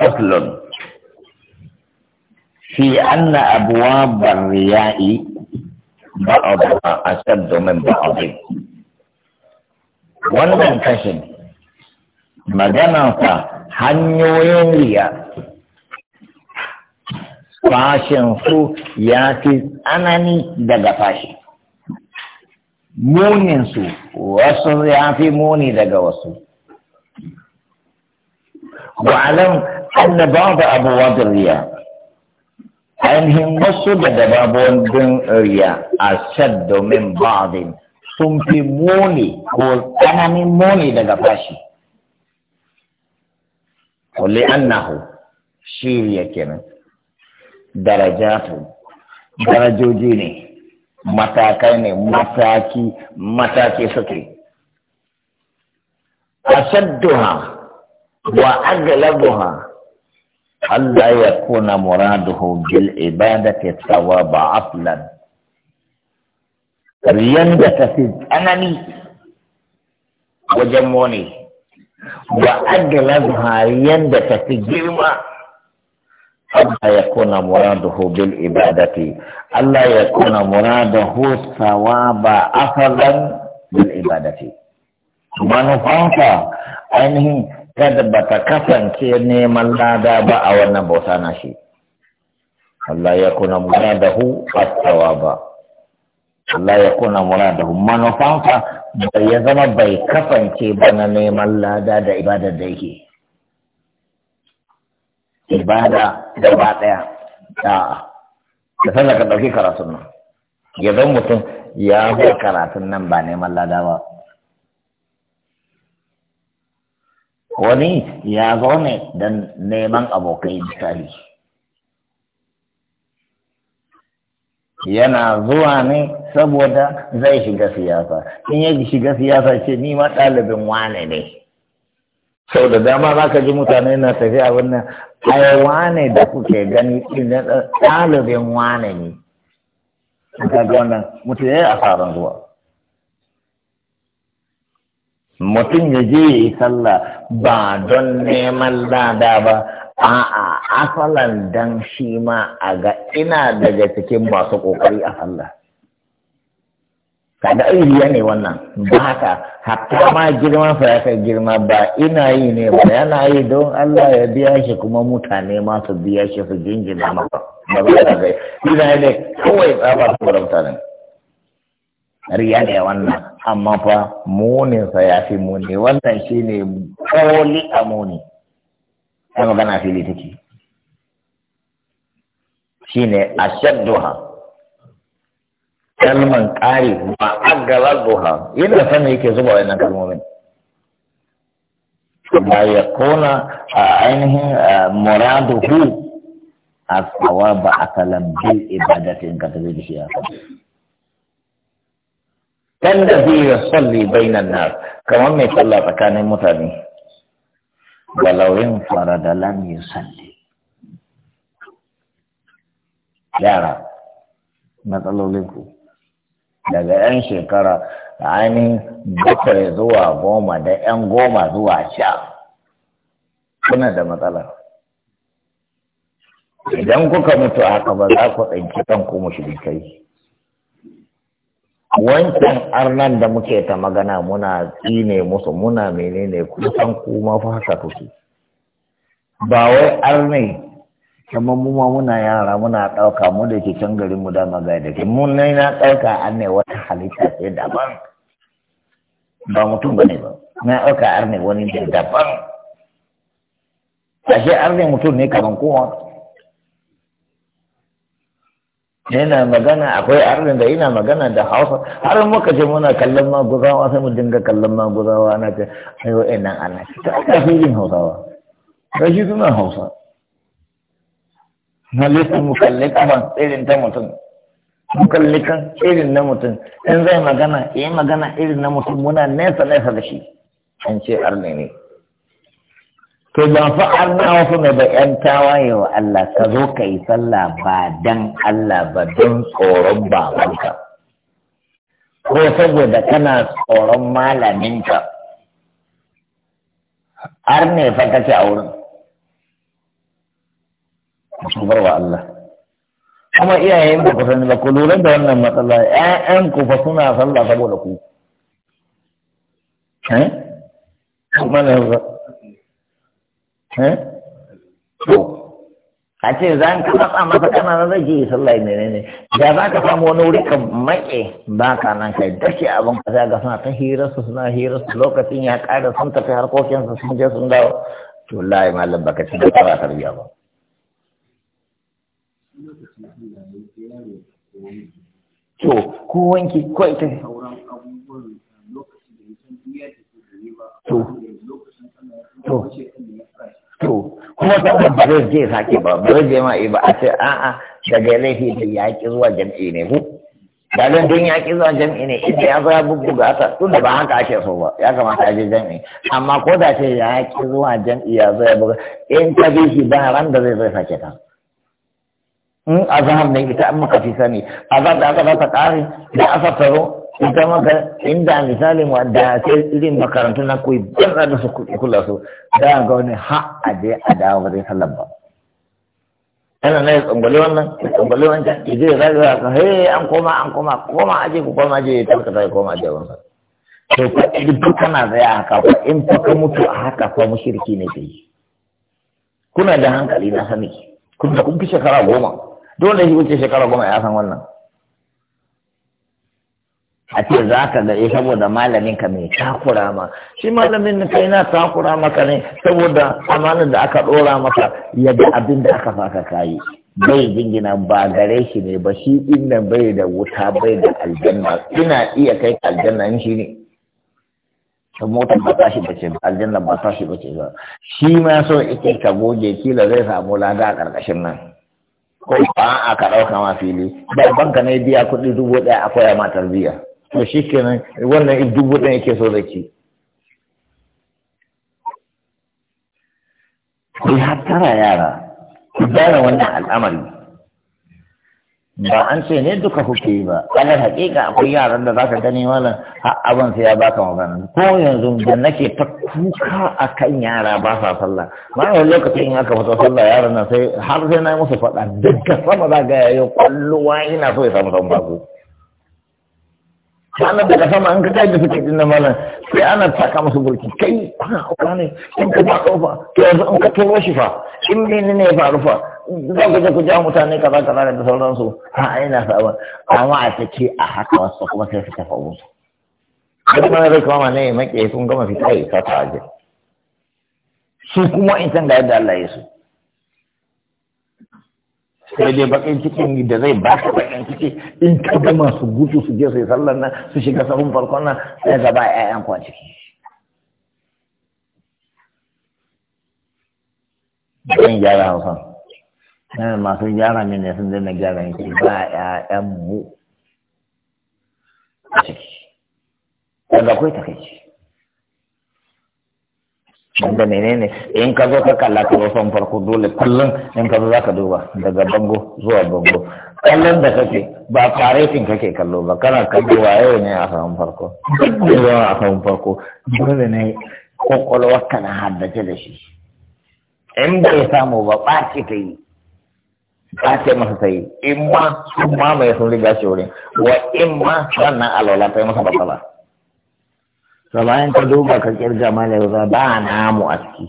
فصل في أن أبواب الرياء بعضها أشد من بعض wannan kashin maganansa hanyoyin riya fashin su ya fi tsanani daga fashi muninsu wasu ya fi muni daga wasu واعلم أن بعض أبواب الرياء ainihin wasu daga babobin riya a shaddo min ba'din sun fi muni ko tsananin muni daga fashi kulli annahu shiriya kenan daraja darajoji ne matakai ne mataki mataki suke ashadduha وأغلبها ألا يكون مراده بالعبادة الثواب عطلا riyan da ta fi tsanani wajen mone wa adala riyan da ta fi girma Allah ya kuna muraduhu bil ibadati Allah ya kuna muraduhu sawaba afalan bil ibadati manufanka ainihin kada ba ta kasance neman lada ba a wannan bauta na shi Allah ya kuna mura da hu? fastawa ba Allah ya kuna mura hu manufansa bai ya zama bai kasance ba na neman lada da ibadar da yake ibada da ba ɗaya da da sanda ka ɗauki karatun nan ya zan mutum ya zai karatun nan ba neman lada ba wani ya zo ne don neman abokai misali yana zuwa ne saboda zai shiga siyasa in ya shiga siyasa ce ni ma ɗalibin wane ne sau da dama za ka ji mutane na tafiya wannan ai wane da kuke gani ɗalibin wane ne ka ga wannan mutum ya yi asaran zuwa mutum ya je ya yi sallah ba don neman lada ba a'a asalan dan shi ma a ga ina daga cikin masu kokari a sallah kada iriya ne wannan ba haka hatta ma girman sa ya kai girma ba ina yi ne ba yana yi don Allah ya biya shi kuma mutane ma su biya shi su jinjina maka ba ba ba ina ne kawai ba su mutane riya ne wannan amma fa muninsa ya fi muni wannan shi ne koli a muni ta magana fili take shi ne a shadduha kalman ƙari ba a gaba duha yana me yake zuba wannan kalmomin ba ya kona a ainihin muraduhu a tsawa ba a kalan bil ibadatin ka ta zai da shi kan da zai bai bainan na kamar mai tsalla tsakanin mutane walawin farada ya salli yara matsalolinku daga 'yan shekara ainihin bakwai zuwa goma da 'yan goma zuwa sha kuna da matsala idan kuka mutu haka ba za ku tsanci kanku kai. wancan arnan da muke ta magana muna tsine musu muna menene kusan kuma fa haka kuke ba wai arnai kamar mu ma muna yara muna ɗauka mu da ke can garin mu da magana da ke mun nai na ɗauka an ne wata halitta ce daban ba mutum ba ne ba na ɗauka arnai wani ne daban ashe arnai mutum ne kamar kowa yana magana akwai arin da yana magana da hausa har muka ce muna kallon maguzawa sai mu dinga kallon maguzawa ana ce ai wa nan ana ce ta aka fi jin hausawa rashi suna hausa na lissa mu kalli irin ta mutum mu kalli kan irin na mutum in zai magana yi magana irin na mutum muna nesa nesa da shi an ce arne ne to ba fa an na wasu ne da ƴan tawaye wa Allah ka zo ka yi sallah ba dan Allah ba don tsoron babanka ko saboda kana tsoron malaminka har ne fa kake a wurin bar wa Allah kuma iyayen ku sani ba ku lura da wannan matsala ƴaƴan ku fa suna sallah saboda ku eh kuma ne Eh? to a ce za ka matsa masa kana na zai yi sallah ne ne da za ka samu wani wuri ka maƙe ba ka nan kai dace abin ka za ga suna ta hirarsu su suna hirarsu su lokacin ya ƙara sun tafi harkokinsu sun je sun dawo to lai malam baka ci da fara tarbiya ba to ko wanki ko ita to to to kuma saboda ba zai je sake ba ba zai je ma ba a ce a'a daga laifi da ya ki zuwa jam'i ne ku ba dan don ya ki zuwa jam'i ne inda ya zo ya ga ta tun da ba haka ake so ba ya kamata a je jam'i amma ko da ce ya ki zuwa jam'i ya zo ya buga in ka bi shi ba ran da zai zai sake ta in azhar ne ita an muka fi sani azhar da aka ta kare da asar taro? ita maka inda misalin da sai irin makarantu na koyi ban da su kula su da ga wani ha a je a dawo ba zai sallar ba ana na ya tsangwale wannan tsangwale wancan ya je ya zage ya ka he an koma an koma koma aje ku koma aje ya tarkata ya koma aje wannan to fa idan kana zaya haka fa in ta ka mutu a haka mu mushriki ne kai kuna da hankali na sani kun da kun fi shekara goma dole shi wuce shekara goma ya san wannan a ce za ka gare eh, saboda malamin ka mai takura ma shi malamin na kai na takura maka ne saboda amanar da aka dora maka yadda abin da aka faka kayi bai jingina ba gare shi ne ba shi inda bai da wuta bai da aljanna ina iya kai aljanna in shi ne motar ba tashi ba ce ba aljanna ba tashi ba ce ba shi ma so ita ka goge kila zai samu lada a ƙarƙashin nan ko ba a ka ɗauka ma fili ba banka ne biya kuɗi dubu ɗaya akwai ma tarbiyya to shi kenan wannan dubu ɗan yake so da ki ku tara yara ku gane wannan al'amari ba an ce ne duka kuke yi ba alal haƙiƙa akwai yaran da ka gani malam abin sai ya ba ka magana ko yanzu da nake ta kuka a kan yara ba sa sallah wani lokacin in aka fito sallah yaran nan sai har sai na yi musu faɗa daga sama za ga yayo kwallowa ina so ya samu san baku ranar daga sama an ka kai da suke dinna malam sai ana taka masa burki kai kuna hauka ne in ka ba fa to yanzu in ka turo shi fa in mene ne ya faru fa za ku je ku ja mutane kaza kaza da sauransu ha ina sabon amma a ce a haka wasu kuma sai su tafa musu kuma mana zai kama ne ya maƙe sun gama fita ya sata a su kuma in san da yadda Allah ya su sai dai bakin cikin da zai ba ka bakin ciki in ka ga masu gudu su je su yi sallar nan su shiga sabon farkon nan sai gaba ƴaƴan ku a ciki zan gyara hausa eh, masu gyara ne ne sun daina gyara ke ba ƴaƴan mu a ciki daga akwai takaici da menene in ka zo ka kalla ka son farko dole kullum in ka zo za ka duba daga bango zuwa bango kallon da kake ba faretin kake kallo ba kana kallo wa yau ne a samun farko ne a samun farko dole ne kwakwalwar ka na haddace da shi in bai samu ba ɓaci ta yi ɓace masa ta yi in ma sun mamaye sun riga shi wurin wa in ma sannan alwala ta yi masa ba. to bayan ka duba ka kirga mana ba ba namu a ciki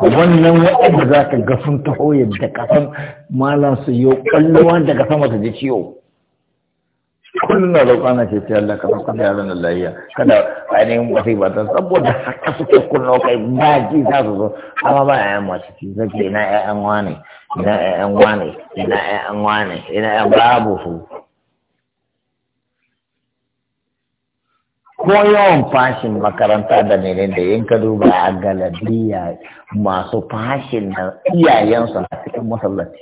wannan waɗanda za ka ga ta taho yadda kasan malam su yi kwallowa daga sama su ji ciwo kullum na roƙa na ce ta Allah ka roƙa da yaron lafiya kada ainihin wasu ibatan saboda haka suke kunno kai ba ji za su zo amma ba ƴaƴan masu ci zai ina ƴaƴan wane ina ƴaƴan wane ina ƴaƴan wane ina 'ya'yan babu su ko yawan fashin makaranta da menene da yin ka duba a galabiya masu fashin na iyayensu a cikin masallaci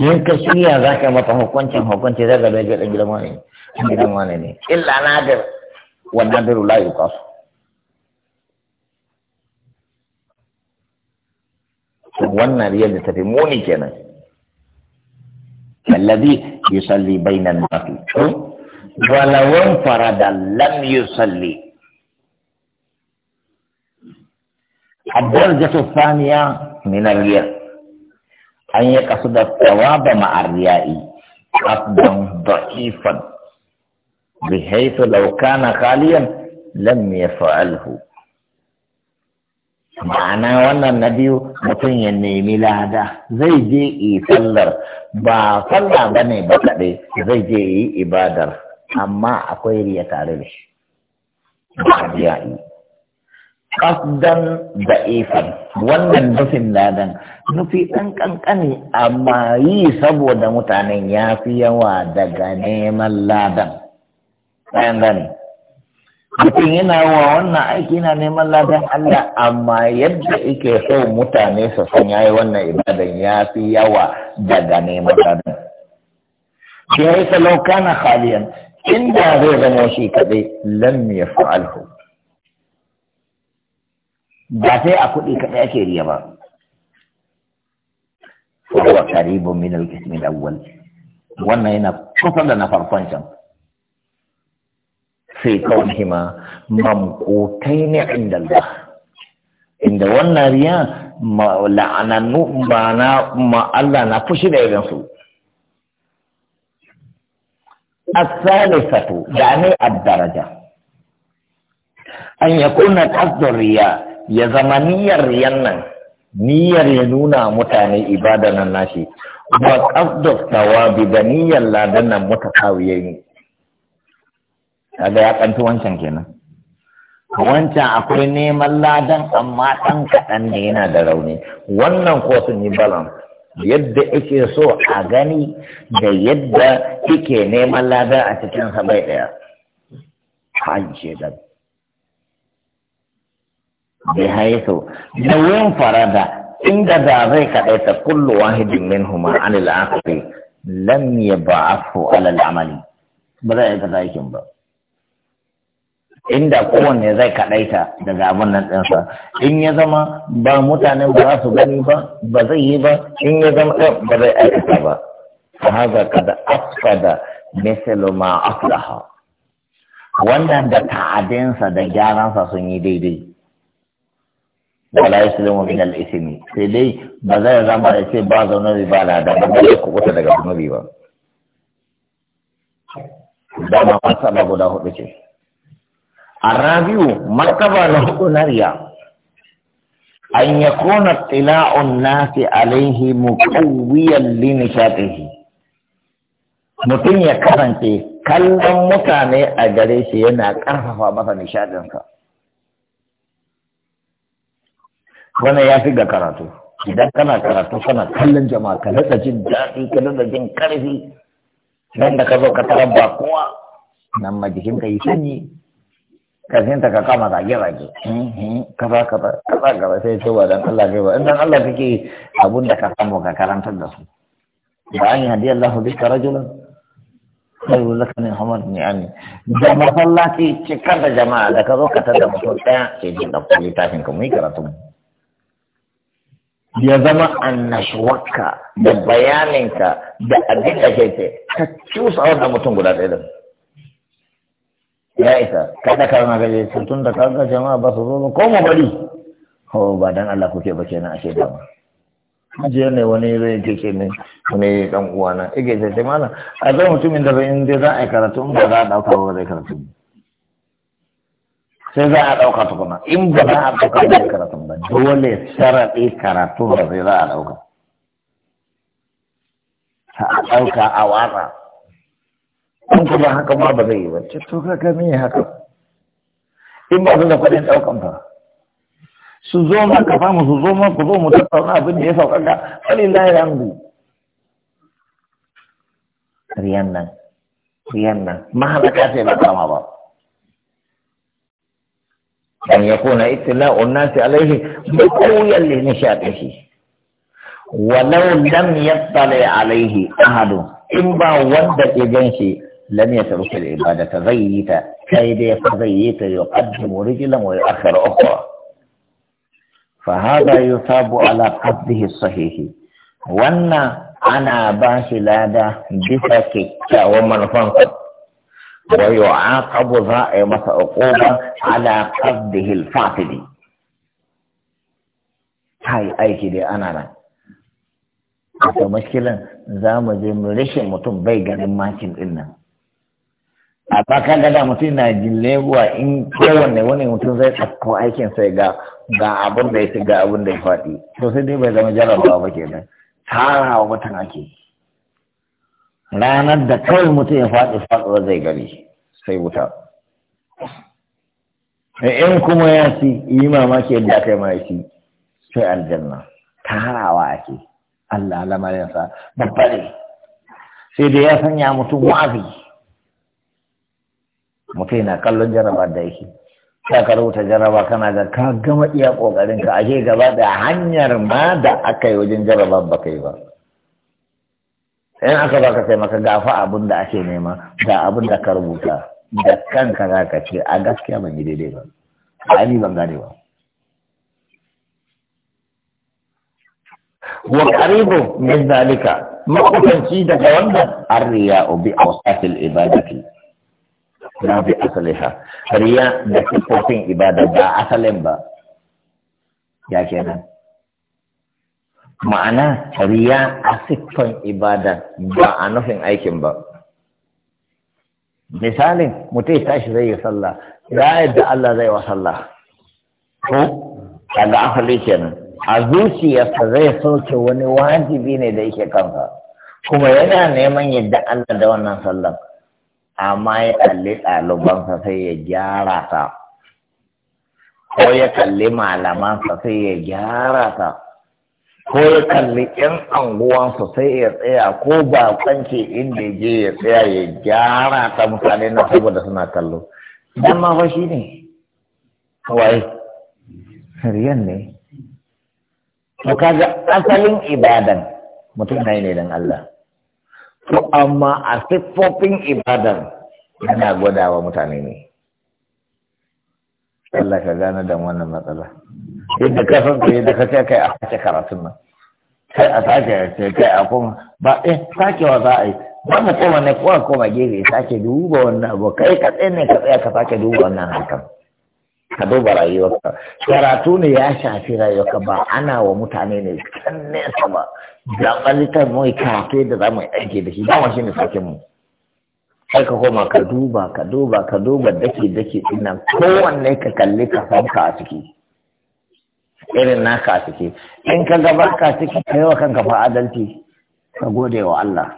yin ka shirya za ka mata hukuncin hukunci zai gaba ga gidan wani gidan wani ne illa nadir wa nadiru la yuqas wannan riyar da tafi muni kenan الذي يصلي بين الناس ولو انفرد لم يصلي الدرجة الثانية من الرياء أن يقصد الثواب مع الرياء قصدا ضعيفا بحيث لو كان خاليا لم يفعله ma'ana wannan na biyu mutum ya nemi lada zai je yi sallar ba sallah ba ne ba kaɗai zai je yi ibadar amma akwai riya tare da shi ba ya yi da ifan wannan nufin ladan nufi ɗan ƙanƙani amma yi saboda mutanen ya fi yawa daga neman ladan ɗayan mutum yana wa wannan aiki na neman ladan Allah amma yadda yake so mutane su san yayi wannan ibadan ya fi yawa daga neman ladan shi ya isa laukana haliyan inda zai zama shi kaɗai lam ya fa'alhu ba sai a kuɗi kaɗai ake riya ba wa karibu min al awwal wannan yana kusa da na farkon can sai kawun hima mamkotai inda ba inda wannan riya la'anannu ba na Allah na fushi da irin su asali sato da ne a daraja an yako na ƙasdon riya ya zama niyyar riyan nan niyyar ya nuna mutane ibada nan nashi ba ƙasdon tawa da niyyar ladan nan mutakawiyayi kaga ya kanto wancan kenan wancan akwai neman ladan amma ɗan kaɗan ne yana da rauni wannan ko sun yi balan yadda ake so a gani da yadda kike neman lada a cikin sabai ɗaya hajje da bai haiso da wurin farada inda da zai kaɗai ta kullu wahidin min huma an al'akari lam ya ba'afu alal amali ba za a yi ta aikin ba inda kowanne zai kaɗaita daga abin nan ɗinsa in ya zama ba mutane ba za su gani ba ba zai yi ba in ya zama ɗin ba zai aikata ba ta haza kada da misalu ma aflaha wannan da ta'adinsa da gyaransa sun yi daidai wala yaslimu min sai dai ba zai zama ya ce ba zaune ba na da ba zai kubuta daga zunubi ba dama masala guda hudu ce الرابع مرتبة له نريا أن يكون اطلاع الناس عليه مقويا لنشاطه mutum ya kasance kallon mutane a gare shi yana karfafa masa nishaɗinsa wannan ya fi ga karatu idan kana karatu kana kallon jama'a ka daɗa jin daɗi ka daɗa jin ƙarfi nan da ka zo ka tarar ba kowa nan ma ka yi sanyi kafin ta ka kama zage zage hmm, hmm, kaza kaza kaza kaza sai ce wa dan Allah ke ba in dan Allah kake abun da ka samu ka karantar da su ba an hadi Allah bi rajulan khairu laka min hamad ni ami da masallaci cikar da jama'a da ka zo ka tada mutum daya sai jin da littafin ka mu yi karatu ya zama annashuwarka da bayaninka da abin da ke ce ka cusa wannan mutum guda ɗaya da ya isa kada ka ma gaje sun tun da kanka jama'a ba su zo ba ko mu bari ho ba dan Allah kuke ba kenan a da ma Haji ne wani zai ke ce ne ne dan uwa na ige sai sai mana a ga mutumin da in dai za a karatu in ba za a dauka ba zai karatu sai za a dauka tukuna in ba za a dauka ba zai karatu ba dole sharadi karatu ba zai za a dauka a dauka a watsa an kuma haka ma ba zai yi ba. wacce to kaga me haka in ba da kwadin daukan ba su zo ma ka fa mu zo ma ku zo mu tattauna abin da ya sauka ga alilahi rangu riyan nan riyan nan ma haka ka sai ba kama ba an ya kuna ittila unnasi alaihi ba ku yalle ne shaɗe shi walau lam yattali alaihi ahadu in ba wanda ke gan shi لن يترك العبادة زيتا كيد فزيت يقدم رجلا ويؤخر أخرى فهذا يثاب على قصده الصحيح وانا أنا باش لادا بسك ومن فنصر ويعاقب ظائمة عقوبة على قصده الفاقد هاي اي كده أنا أنا مشكلة mashkilan za mu je mu rashin a bakan gada mutum na jilewa in kowanne wani mutum zai ɗauko aikin sai ga ga abin da ya ci ga abin da ya faɗi to sai dai bai zama jarabawa ba ke nan tara wa mutum ake ranar da kawai mutum ya faɗi faɗuwa zai gari sai wuta in kuma ya ci yi mamaki yadda yi ma ya ci sai aljanna tarawa ake Allah lamarinsa babbare sai dai ya sanya mutum wa'azi mutum na kallon jaraba da yake ka ka rubuta jaraba kana ga ka gama iya kokarin ka ashe gaba da hanyar ma da aka yi wajen jaraba ba kai ba in aka baka sai maka gafa abin da ake nema ga abin da ka rubuta da kanka za ka ce a gaskiya ban yi daidai ba a ni ban gane ba wa qaribu min zalika makusanci daga wannan arriya bi awsatil ibadati na bi asaliha riya da siffofin ibada ba asalin ba ya kenan ma'ana riya a siffan ibada ba a nufin aikin ba misalin mutum tashi zai yi sallah ya yadda Allah zai wa sallah ko daga asali kenan a zuciyarsa zai sauke wani wajibi ne da yake kansa kuma yana neman yadda Allah da wannan sallah amma ya kalli ɗalibansa sai ya gyara ta ko ya kalli malamansa sai ya gyara ta ko ya kalli ƴan anguwansa sai ya tsaya ko ba kwanke inda je ya tsaya ya gyara ta mutane na saboda suna kallo dan ma fa shi ne wai riyan ne to kaga asalin ibadan mutum na ne dan Allah to amma a siffofin ibadar yana gwada wa mutane ne Allah ka gane da wannan matsala yadda ka san kai da ka ce kai a sake karatun nan kai a sake ce kai a kuma ba eh sakewa za a yi ba mu koma ne kowa koma gefe sake duba wannan abu kai ka tsaye ne ka tsaya ka sake duba wannan hakan. ka duba rayuwarka karatu ne ya shafi rayuwarka ba ana wa mutane ne can nesa ba da litar mai kafe da za mu yi aiki da shi dama shi ne sakin mu sai ka koma ka duba ka duba ka duba dake dake ina kowanne ka kalli ka a ciki irin ka a ciki in ka gaba ka ciki ka yi wa kanka fa adalci ka gode wa Allah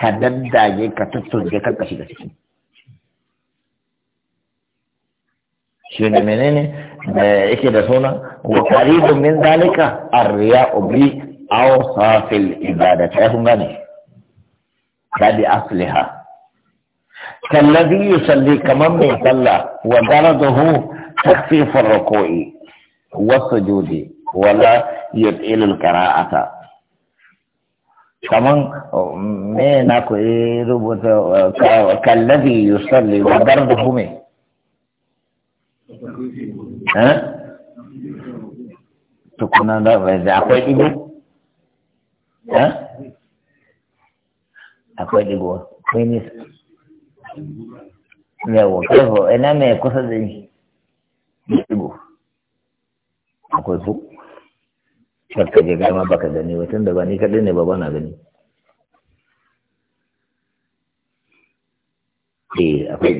ka daddage ka tuttunje kanka shiga ciki شين منيني ايكي دسونا وقريب من ذلك الرياء بي او صاف الابادة شايفون غاني كادي اصلها كالذي يصلي كمان من صلى ودرده تخفيف الركوع والسجود ولا يطيل القراءة كمان مين اكو ايه كالذي يصلي ودرده مين Eh? tukuna da da akwai digo eh? akwai digo akwai yawo kaiho ina mai kusa da digo akwai gama baka gani ba tun da ni kaɗai ne ba ba na gani eh, akwai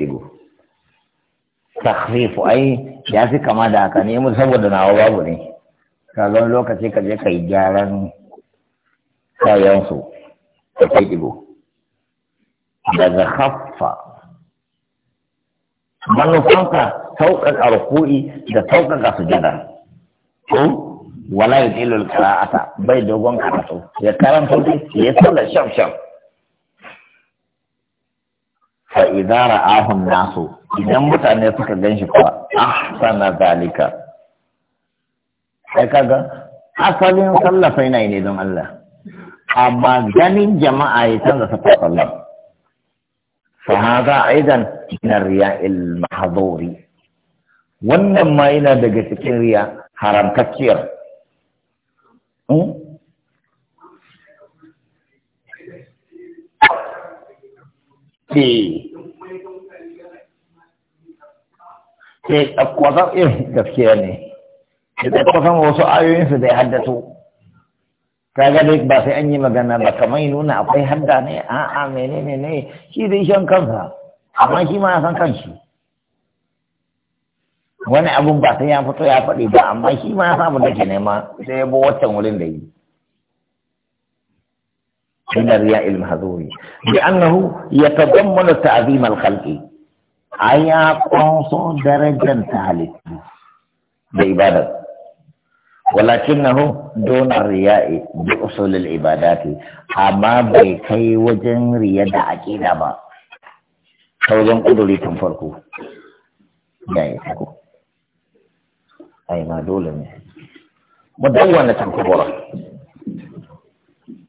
takhfifu ai ya fi kama da haka ne mun saboda nawa babu ne ka zo lokaci ka je kai gyaran kayan su ka kai digo daga khaffa manufanka sauƙaƙa ruku'i da sauƙaƙa sujada ko wala yutilu al-qira'ata bai dogon karatu ya karanta ya sallar shaf shaf fa idara ahun nasu idan mutane suka gan shi kuwa ahsana zalika sai kaga asalin sallah sai nayi ne don Allah amma ganin jama'a ya canza safa sallah fa hada aidan min al mahdhuri wannan ma yana daga cikin riya haramtacciyar hmm? eh sai kwasan irin gaskiya ne wasu ayoyinsu da ya haddato kaga dai ba sai an yi magana ba kamar nuna akwai hadda ne a'a mene ne ne? shi dai shan kansa amma shi ma san kanshi wani abun ba sai ya fito ya faɗi ba amma shi ma ya samu da ke nema sai ya bo waccan wurin da yi من الرياء المهذور لأنه يتضمن تعظيم الخلق ايا قنص درجا تعليق بعبادة ولكنه دون الرياء بأصول العبادات أما بكي وجن رياء عقيدة ما توجن قدري تنفرقو يا يتكو أي ما دولة مدونة كبرى